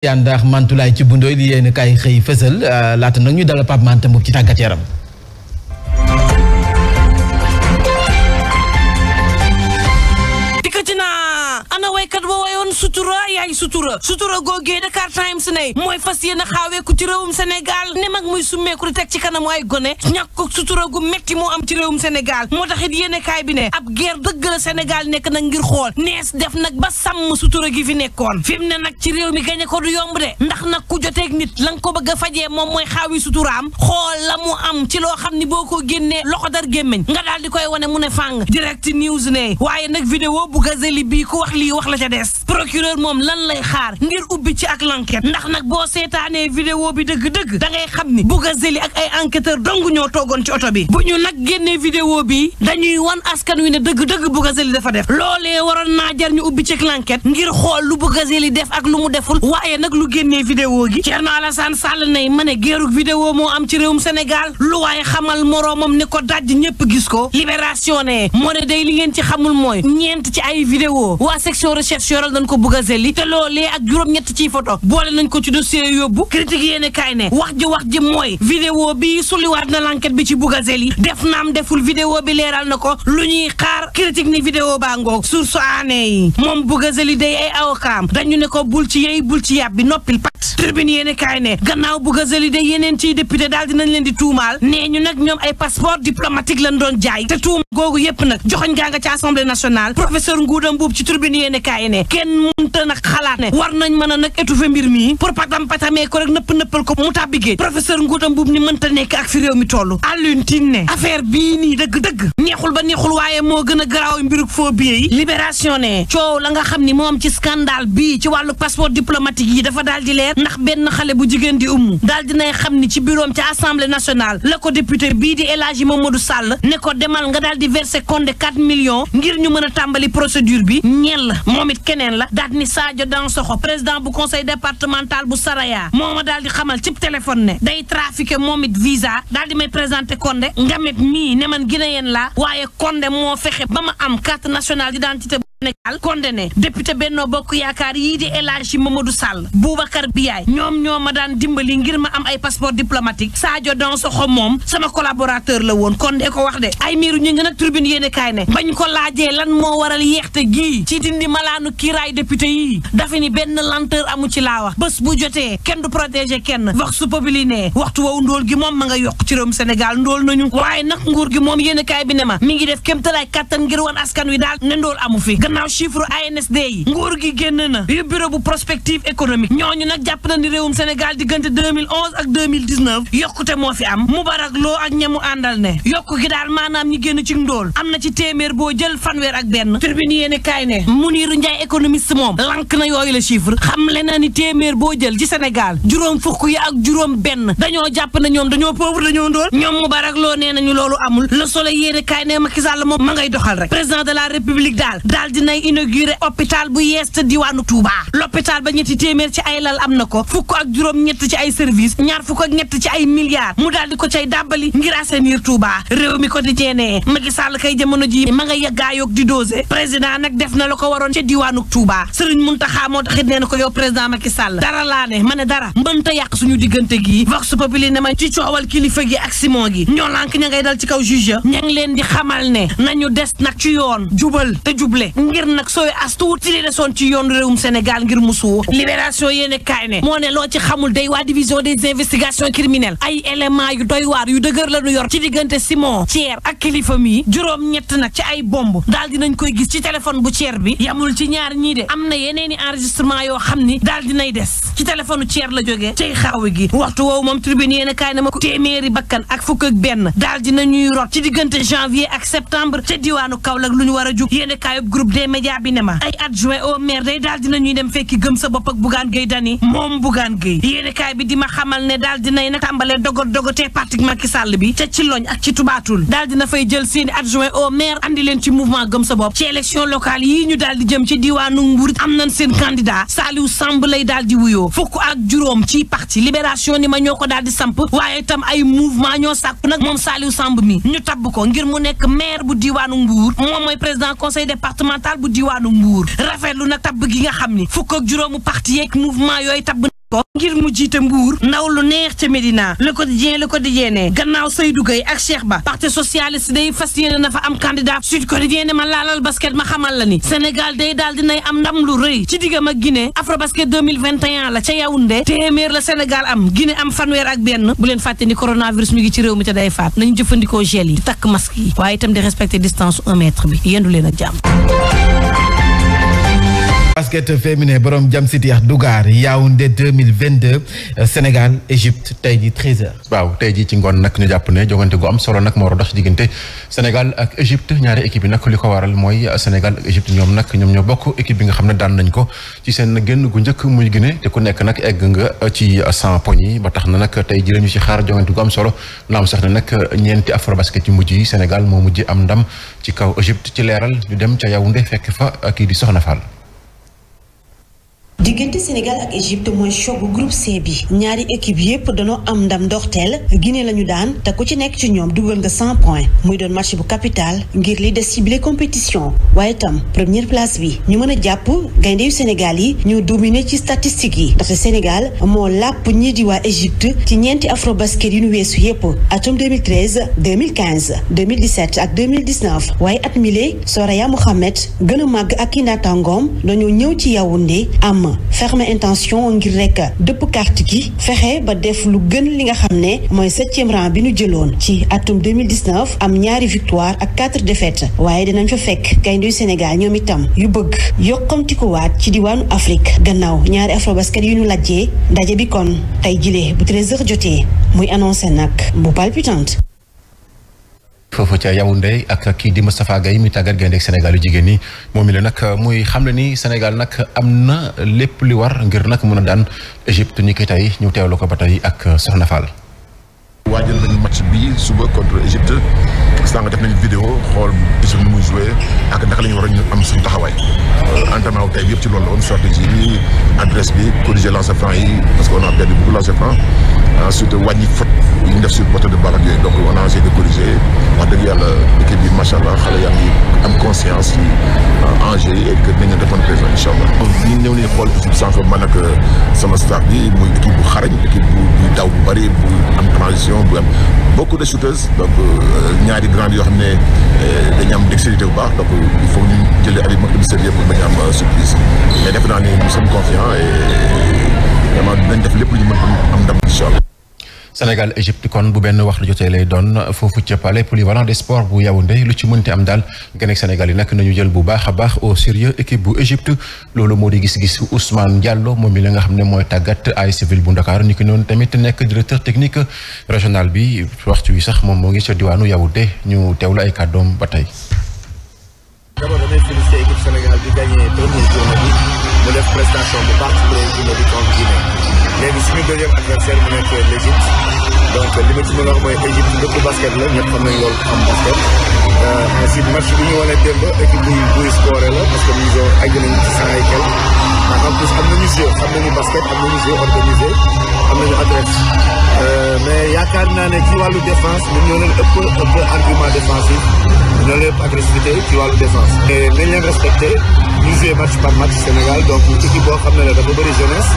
yaan ndax Mantoulaye ci bundooy li yéen kay xëy fësal euh, laata nag ñu dala Pape Mante Mboup ci tàggateeram am sutura yaay sutura sutura googee Dakar Times ne mooy fas yéen a ci réewum Sénégal ne mag muy summeeku di teg ci kanamu ay gone ñàkk sutura gu metti moo am ci réewum senegal moo tax it yéen kaay bi ne ab guerre dëgg la Sénégal nekk nag ngir xool nees def nag ba sàmm sutura gi fi nekkoon fi mu ne nag ci réew mi gañe ko du yomb de ndax nag ku joteeg nit la nga ko bëgg fajee moom mooy xaawi suturaam xool la mu am ci loo xam ni boo ko génnee loxo dar gémmiñ nga daal di koy wane mu ne fàng direct news ne waaye nag vidéo bu gazeli bii ku lii wax la ca des procureur moom lan lay xaar ngir ubbi ci ak l'enquête ndax nag boo seetaanee vidéo bi dëgg-dëgg da ngay xam ni Bougazelli ak ay enquêteur dong ñoo toogoon ci oto bi bu ñu nag génnee vidéo bi dañuy wan askan wi ne dëgg-dëgg Bougazelli dafa def loolee waroon naa jar ñu ubbi ci ak l'enquête ngir xool lu Bougazelli def ak lu mu deful waaye nag lu génnee vidéo gi Thierno Alassane Sall nay ma ne géerug vidéo moo am ci mu senegal lu waaye xamal moroomam ni ko daj ñëpp gis ko libération ne moo ne li ngeen ci xamul mooy ñeent ci ay vidéo waa section recherche ko bugg a zelli te loolee ak juróom-ñett ciy foto boole nañ ko ci dossier yóbbu critique yéene kaay ne wax ji wax ji mooy vidéo bi liwaat na l'enquête bi ci bugg a zelli def naam deful vidéo bi leeral na ko lu ñuy xaar critique ni vidéo baa ngoog source aanee yi moom bugg a zelli day ay awokaam dañu ne ko bul ci yey bul ci yàbbi noppil pat tribune yéene kaay ne gannaaw bugg a zelli day yeneen ciy député daal nañ leen di tuumaal nee ñu nag ñoom ay passeport diplomatique lañ doon jaay googu yëpp nag joxoñ gaa nga ci assemblée nationale professeur Ngouda Mboup ci tribune yéene kaay ne kenn munta nag xalaat ne war nañ mën a nag étouffer mbir mii pour patam patamee ko rek nëpp nëppal ko mu tàbbi professeur Ngouda Mboup ni mënta nekk ak fi réew mi toll Alioune ne affaire bii nii dëgg-dëgg neexul ba neexul waaye moo gën a garaaw mbiruk faux yi libération ne coow la nga xam ni moom ci scandale bii ci wàllu passeport diplomatique di leer ndax benn xale bu jigéen di umm daal dinay xam ni ci bureau ci assemblée nationale la ko député bii di El Hadji Mamadou Sall ne ko versé Condé 4 million ngir ñu mën a tàmbali procédure bi ñeel la moom it keneen la daat ni Sadio Dansokho président bu conseil départemental bu Saraya moo ma daal di xamal cib téléphone ne day trafiqué moom it visa daal di may présenté Condé Ngamet mii ne man Guinéen laa waaye Condé moo fexe ba ma am carte nationale d'identité Sénégal ne député Benno Bokk Yaakaar yii di ma ma du Sall Boubacar Biaye ñoom ñoo ma daan dimbali ngir ma am ay passeport diplomatique Sadio Dansokho moom sama collaborateur la woon kon de ko wax de ay miiru ñu ngi nag tribune yéen kaay ne bañ ko laajee lan moo waral yeexte gii ci dindi malaanu kiiraay député yii dafa ni benn lenteur amu ci laa wax bés bu jotee kenn du protéger kenn wax su populi ne waxtu wow ndóol gi moom ma nga yokk ci réewum Sénégal ndóol nañu waaye nag nguur gi moom yéen kaay bi mi ngi def kéemtalaay kàttan ngir wan askan wi daal ne ndóol amu fi gannaaw chiffre ANSD yi nguur gi génn na yu bureau bu prospective économique ñooñu nag jàpp na ni réew Sénégal diggante 2011 ak 2019 yokkute moo fi am Moubarak Lo ak ñamu àndal ne yokku gi daal maanaam ñi génn ci ndool am na ci téeméer boo jël fanweer ak benn tribune yéene kaay ne Muniru Njaay économiste moom lank na yooyu la chiffre xam le na ni téeméer boo jël ci Sénégal juróom fukk yi ak juróom benn dañoo jàpp na ñoom dañoo pauvre dañoo ndóol ñoom Moubarak Lo nee nañu loolu amul Le Soleil yéene kaay ne Macky Sall moom ma ngay doxal rek président de la république daal daal dina inauguré hôpital bu yees te diwaanu Touba l'hôpital ba ñetti téeméer ci ay lal am na ko fukk ak juróom-ñett ci ay service ñaar fukk ak ñett ci ay milliards mu daal di ko cay dàbbali ngir assainir Touba réew mi ko di jeenee Macky Sall kay jamono ji ma nga yaggaayoog di dose président nag def na la ko waroon ca diwaanu Touba Serigne Mountakha moo taxit nee na ko yow président Macky Sall dara laa ne ma ne dara mbënta yàq suñu diggante gi vox populi ne ma ci coowal kilifa gi ak Simon gi ñoo lànk ña ngay dal ci kaw juge ña ngi leen di xamal ne nañu des nag ci yoon jubal te juble ngir nag sooy astuut si li desoon ci yoon réewum Sénégal ngir mu suux libération yéene kaay ne moo ne loo ci xamul day waa division des investigations criminelles ay éléments yu doy waar yu dëgër la ñu yor ci diggante Simon Thier ak kilifa mi juróom-ñett nag ci ay bomb daal dinañ koy gis ci téléphone bu Thier bi yamul ci ñaar ñii de am na yeneen i enregistrement yoo xam ni daal dinay des ci téléphone Thier la jógee cay xaaw gi waxtu woowu moom tribune yéene kaay ne ma ko téeméeri bakkan ak fukk ak benn daal dinañuy rot ci diggante janvier ak lu ñu war a des médias bi ne ma ay adjoint au maire day daal dina ñuy dem fekki gëm sa bopp ak Bougane Gueye Dany moom Bougane Gueye yéenekaay bi di ma xamal ne daal dinay nag tàmbalee dogot dogotee parti Macky Sall bi ca ci loñ ak ci tubaatul daal dina fay jël seeni adjoint au maire andi leen ci mouvement gëm sa bopp ci élection locale yii ñu daal jëm ci diwaanu Mbour am nañ seen candidat Saliou Samb lay daal wuyoo fukk ak juróom ci parti libération ni ma ñoo ko daal di samp waaye itam ay mouvement ñoo sàkku nag moom Saliou Samb mi ñu tabb bu diwaanu Mbour rafetlu na tabb gi nga xam ni fukk ak juróomu parti yeeg mouvement yooyu tabb ngir mu jiite Mbour ndaw lu neex ca Médina le quotidien le ne gannaaw Seydou Gueye ak Cheikh Ba parti socialiste day fas yéene na fa am candidat Sud Quotidien ne ma laalal basket ma xamal la ni Sénégal day daal dinay am ndam lu rëy ci diggam ak Guinée Afrobasket 2021 la ca Yaoundé téeméer la Sénégal am Guinée am fanweer ak benn bu leen fàtte ni coronavirus mi ngi ci réew mi te day faat nañu jëfandikoo gel yi di takk masque yi waaye itam di respecter distance un mètre leen ak basket féminin borom jam city ak Dougar Yaoundé 2022 euh, Sénégal Égypte tey ji 13h. waaw tey ji ci ngoon nag ñu jàpp ne jogante gu am solo nag moo war a dox diggante Sénégal ak Égypte ñaari équipe yi nag li ko waral mooy euh, Sénégal ak ñoom nag ñoom ñoo bokk équipe bi nga xam ne daan nañ ko ci seen génn gu njëkk muy Guinée te ku nekk nag egg nga euh, ci 100 poñ yi ba tax na nag tey ji la ñu ci xaar jogante gu am solo naam sax ne nag ñeenti afrobasket yu mujj yi Sénégal moo mujj am ndam ci kaw Égypte ci leeral ñu dem ca Yaoundé fekk fa kii di Soxna diggante Sénégal ak Égypte mooy choc groupe C bi ñaari équipe yépp danoo am ndam ndoxteel Guinée la ñu daan te ku ci nekk ci ñoom dugal nga 100 points muy doon match bu capital ngir li des ci bile compétition waaye tam première place bi ñu mën a jàpp gaynde yu Sénégal yi ñu dominé ci statistiques yi ndaxte Sénégal moo làpp ñii di waa Égypte ci ñeenti afrobasket yu ñu weesu yépp atum 2013 2015 2017 ak 2019 waaye at mile Soraya Mohamed gën a màgg ak i naataangoom dañoo ñëw ci Yaoundé am également ferme intention ngir rek dëpp carte gi fexe ba def lu gën li nga xam ne mooy septième rang bi nu jëloon ci atum 2019 am ñaari victoire ak quatre défaites waaye dinañ fa fekk gaynde Sénégal ñoom itam yu bëgg yokkamtikuwaat ci diwaanu Afrique gannaaw ñaari afrobasket yu ñu lajjee ndaje bi kon tey jilee bu 13 heures jotee muy annoncé nag bu palpitante foofu ca Yaoundé ak kii di Moustapha yi mi tàggat gaynde Sénégal yu jigéen ñi moom mi la nag muy xam le ni Sénégal nag am na lépp li war ngir nag mën a daan Égypte ni ki tey ñu teewlu ko ba tey ak Soxna Fall. waajal nañu match bi suba contre Égypte sànq def nañu vidéo xool su nu muy joué ak ndax la ñu am suñu taxawaay euh, entraînement wu tey bi yëpp ci loolu la woon stratégie bi adresse bi corriger lancer franc yi parce que on a perdu beaucoup de balle ak yooyu donc on a dëgg yàlla équipe bi macha allah xale yaa am conscience ci euh, enjeu yi et que dinañ defoon prévision incha allah. ñu ñëw nañu xool équipe sànq man ak euh, sama staff bi muy équipe bu xarañ équipe bu buy daw bu bëri bu am transition bu am beaucoup de shooters donc euh, ñaari grandes yoo xam ne dañu am dextérité bu baax donc il faut ñu jëlee avec mag sérieux pour bañ am surprise mais def naa ne nous sommes confiants et vraiment def lépp lu ñu Sénégal Égypte kon bu benn waxtu jotee lay doon foofu ca palais polyvalent des sports bu Yaoundé lu ci mënti am daal gën ak Sénégal yi nag nañu jël bu baax a baax au sérieux équipe bu Égypte loolu moo di gis-gis Ousmane Diallo moom mi la nga xam ne mooy tàggat ay civil bu Ndakaaru ni ki noonu tamit nekk directeur technique régional bi waxtu wi sax moom moo ngi ca diwaanu Yaoundé ñu teewlu ay kàddoom ba tey. d'abord damay féliciter équipe mu def prestation bu baax président bi contre Guinée léegi suñu deuxième adversaire mu nekk l'Égypte donc li ma ci mën a wax mooy Égypte dëkk basket la ñëpp xam nañ loolu am basket ainsi euh, match bi ñu wane démb équipe buy buy scoré la parce que mise en àgg nañu ci cent et quelques en plus am nañu jeu am nañu basket am nañu jeu organisé am nañu adresse euh, mais yaakaar naa ne ci wàllu défense ñun ñoo leen ëpp ëpp argument défensif ñoo leen ëpp agressivité ci wàllu défense. mais nañ leen respecté. ñu joué match par match Sénégal donc équipe boo xam ne la dafa bëri jeunesse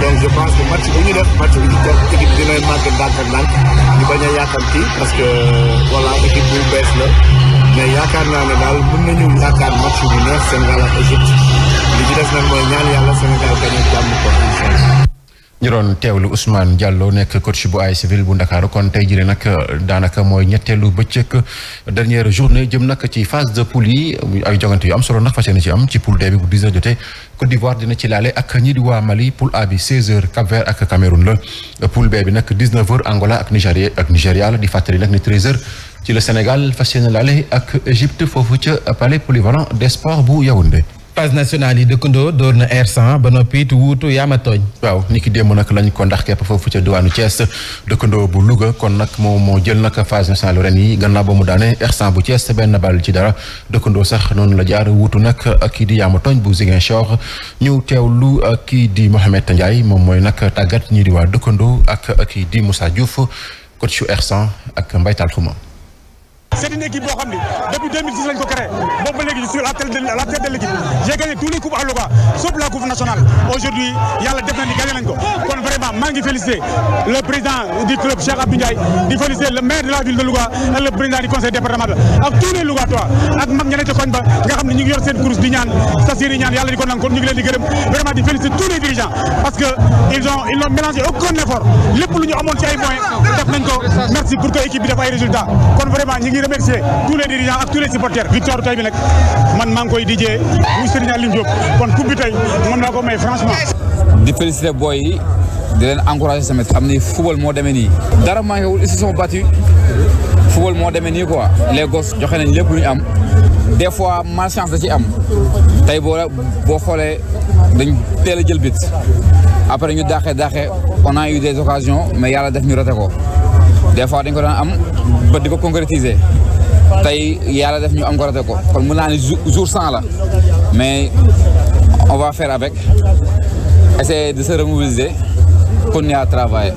donc je pense que match bu ñu def match bu ñu def équipe dinay màgg ndànk ak ndànk ñu bañ a yàkkamti parce que voilà équipe bu bees la mais yaakaar naa ne daal mën nañu yaakaar match bu neex Sénégal ak Égypte li ci des nag mooy ñaan yàlla Sénégal gañe jàmm ko incha ñu doon teewlu Ousmane Diallo nekk coach bu AS Ville bu Ndakaaru kon tey jii nag daanaka mooy ñetteelu bëccëg dernière journée jëm nag ci phase de poule yi ay jogante yu am solo nag fas yéene ci am ci poule D bi bu 10 heures jotee Côte d'Ivoire dina ci laale ak ñi di waa Mali poule A bi 16 heures Cap-Vert ak Cameroun la poule B bi nag 19 heures Angola ak Nigéria ak Nigéria la di fàttali nag ni 13 heures ci la Sénégal fas yéene laale ak Égypte foofu ca palais polyvalent des sports bu Yaoundé. phase nationale yi dëkkandoo door na R100 ba noppi it wuutu yaama tooñ waaw ni ki démb nag lañ ko ndax képp foofu ca diwaanu Thiès dëkkandoo bu luga kon nag moom moo jël nag phase nationale ren yi gannaaw ba mu daane R100 bu Thiès benn bal ci dara dëkkandoo sax noonu la jaar wuutu nag kii di yaama tooñ bu Ziguinchor ñu teewlu kii di Mohamed Ndiaye moom mooy nag tàggat ñii di waa dëkkandoo ak ak kii di Moussa Diouf coach su r ak Mbaytal c' équipe boo xam ni depuis 2010 ko créé boobu ba léegi la tête de la tête de l' les coupes à Louga sauf la coupe nationale aujourd'hui yàlla def na ko kon vraiment maa ngi félicité le président du club Cheikh Abdou di félicité le maire de la de Louga le président du conseil départemental ak tous les Lougatois ak mag ña ne ca ba nga xam ne ñu ngi yor course di ñaan sasir yi ñaan yàlla di ko kon ñu ngi leen remercier tous les dirigeants ak tous les supporters victoire tey bi nag man maa ngi koy dijee muy Serigne Aliou Diop kon coupe bi tey mën naa ko may franchement. di féliciter boy yi di leen encourager tamit xam ni football moo demee nii. dara maa ngi wul ils se football moo demee nii quoi les gosses joxe nañ lépp lu ñu am des fois malchance da ci am tey boo boo xoolee dañ teel a jël bit après ñu daaxee daaxee on a eu des occasions mais yàlla def ñu raté ko. des fois dañ ko daan am ba di ko concrétiser tey yàlla def ñu am ko raté ko kon mën naa ne jour sans la mais on va faire avec essayer de se remobiliser continuer à travailler.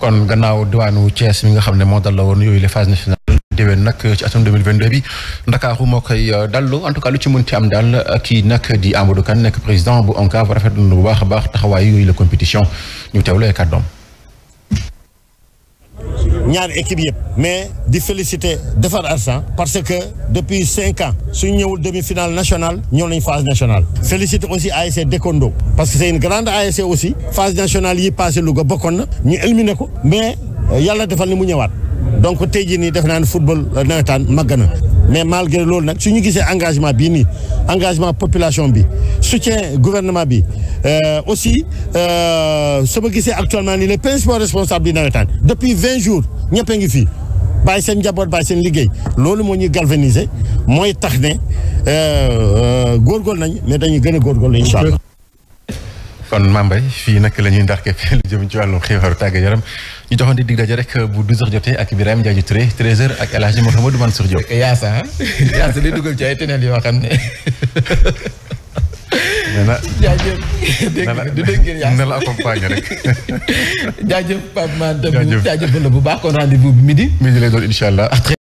kon gannaaw diwaanu Thiès mi nga xam ne moo dal la woon yooyu les phases nationales. déwén nag ci atum 2022 bi Ndakaaru moo koy euh, dallu en tout cas lu ci mënti am daal kii nag di Amadou Kane nekk président bu ONCAV rafetlu na bu baax a baax taxawaay yooyu la compétition ñu ka kàddoom ñaari équipe yëpp mais di féliciter Defar Arsan parce que depuis cinq ans suñ ñëwul demi-finale nationale ñëw nañ phase nationale féliciter aussi ASC Dekondo parce que c'est une grande ASC aussi phase nationale yi passé Louga bokkoon na ñu éliminé ko mais euh, yàlla defal ni mu ñëwaat donc tey jii nii def naa ne football euh, nawetaan màgg na mais malgré loolu nag su ñu gisee engagement bii nii engagement population bi soutien gouvernement bi euh, aussi su ma gisee actuellement nii les principaux responsables du nawetaan depuis vingt jours ñëpp a ngi fii bàyyi seen njaboot bàyyi seen liggéey loolu moo ñuy galvaniser mooy tax ne euh, euh, góorgóorlu nañ mais dañuy gën a góorgóorlu incha allah. kon Mambay fii nag la ñuy ndarke lu jëm ci wàllum xibaaru tàggat yaram ñu joxante dig daje rek bu 12h jotee ak Birame Ndiaye Touré 13h ak El Hadj Mouhamadou Mansour Diop. yaasa ah. yaasa di dugal ci ay teneen yoo xam ne. jaajëf dégg nga dégg ngeen yaa. na la accompagne rek. jaajëf Pape Matam jaajëf jaajëfal la bu baax kon rendez-vous bi midi. midi lay doon